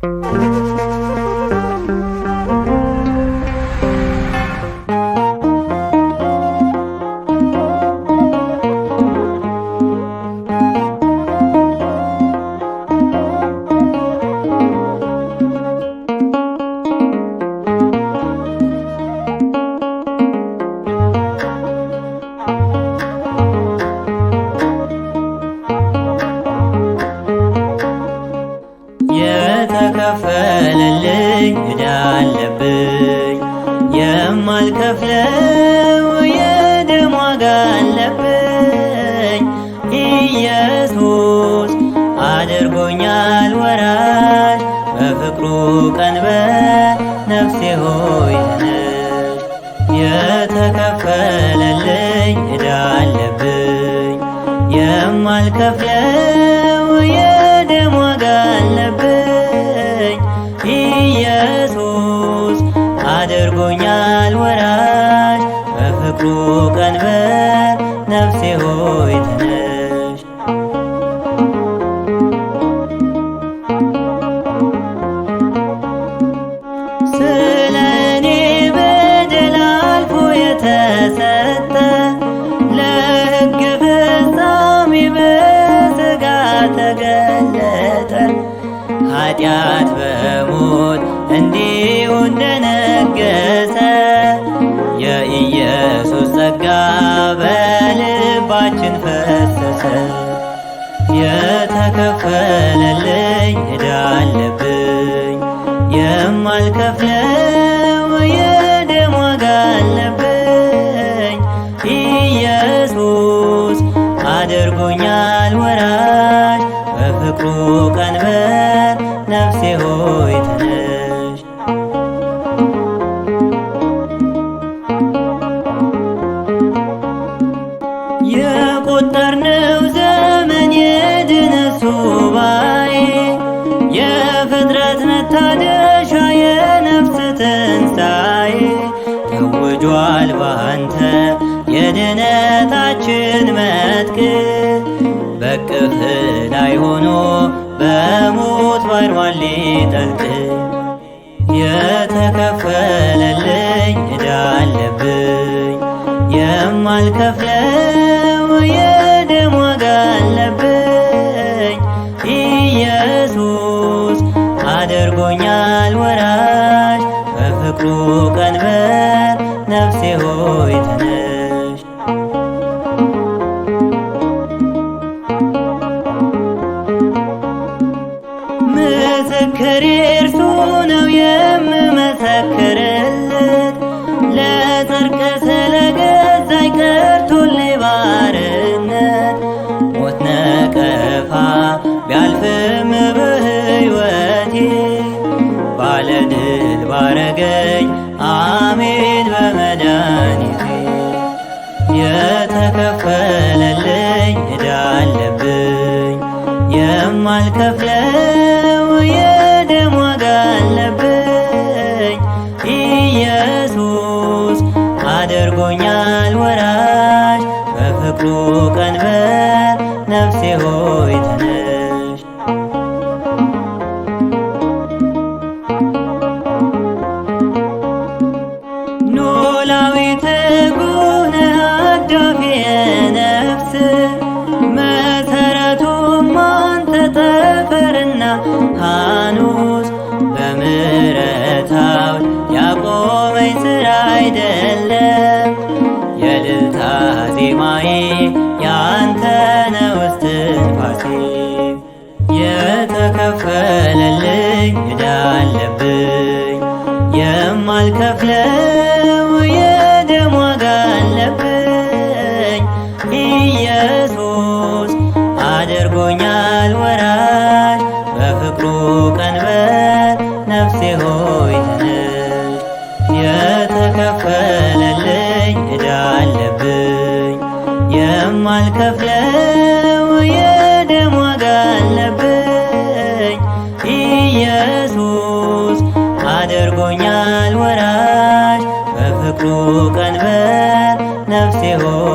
Thank you. ተከፈለልኝ እዳ አለብኝ የማልከፍለው የደም ዋጋ አለብኝ ኢየሱስ አድርጎኛል ወራሽ በፍቅሩ ቀንበር ነፍሴ ሆይ ተነሽ የተከፈለልኝ እዳ አለብኝ የማልከፍለው የደም ዋጋ አለብኝ በኃጢአት በሞት እንዲሁ እንደነገሰ የኢየሱስ ጸጋ በልባችን ፈሰሰ። የተከፈለልኝ እዳለብኝ የማልከፍለ ነፍሴ ሆይ ተነሽ። የቆጠርነው ዘመን የድነት ሱባኤ የፍጥረት መታደሻ የነፍስ ትንሣኤ ታውጇል ባንተ የድነታችን መጥቅ በቅፍህ ላይ ሆኖ በሙ ቀኗን ሊጠልቅ የተከፈለልኝ እዳ አለብኝ የማልከፍለው የደም ዋጋ አለብኝ። ኢየሱስ አድርጎኛል ወራሽ በፍቅሩ ቀንበር ነፍሴ ሆይ ስመሰክር እርሱ ነው የምመሰክርለት ለጽርቅ ስለገዛኝ ቀርቶልኝ ባርነት ሞት ነቀፋ ቢያልፍም በሕይወቴ ባለድል ባረገኝ አሜን በመድኃኒቴ የተከፈለልኝ እዳ አለብኝ ቀንበር ነፍሴ ሆይ ተነሽ። ኖላዊት ጉነ አዳፊ ነፍስ መሰረቱም አንተ ጠፈርና ሐኑስ በምሕረት ያቆመኝ ስራ አይደለም ያንተነ ውስትንፋሴ የተከፈለልኝ ዕዳ አለብኝ የማልከፍለው የደም ዋጋ አለብኝ ኢየሱስ አድርጎኛል ወራሽ በፍቅሩ ቀንበር ነፍሴ ሆ ማልከፍለው የደም ዋጋ አለብኝ። ኢየሱስ አድርጎኛል ወራሽ በፍቅሩ ቀንበር ነፍሴ ሆ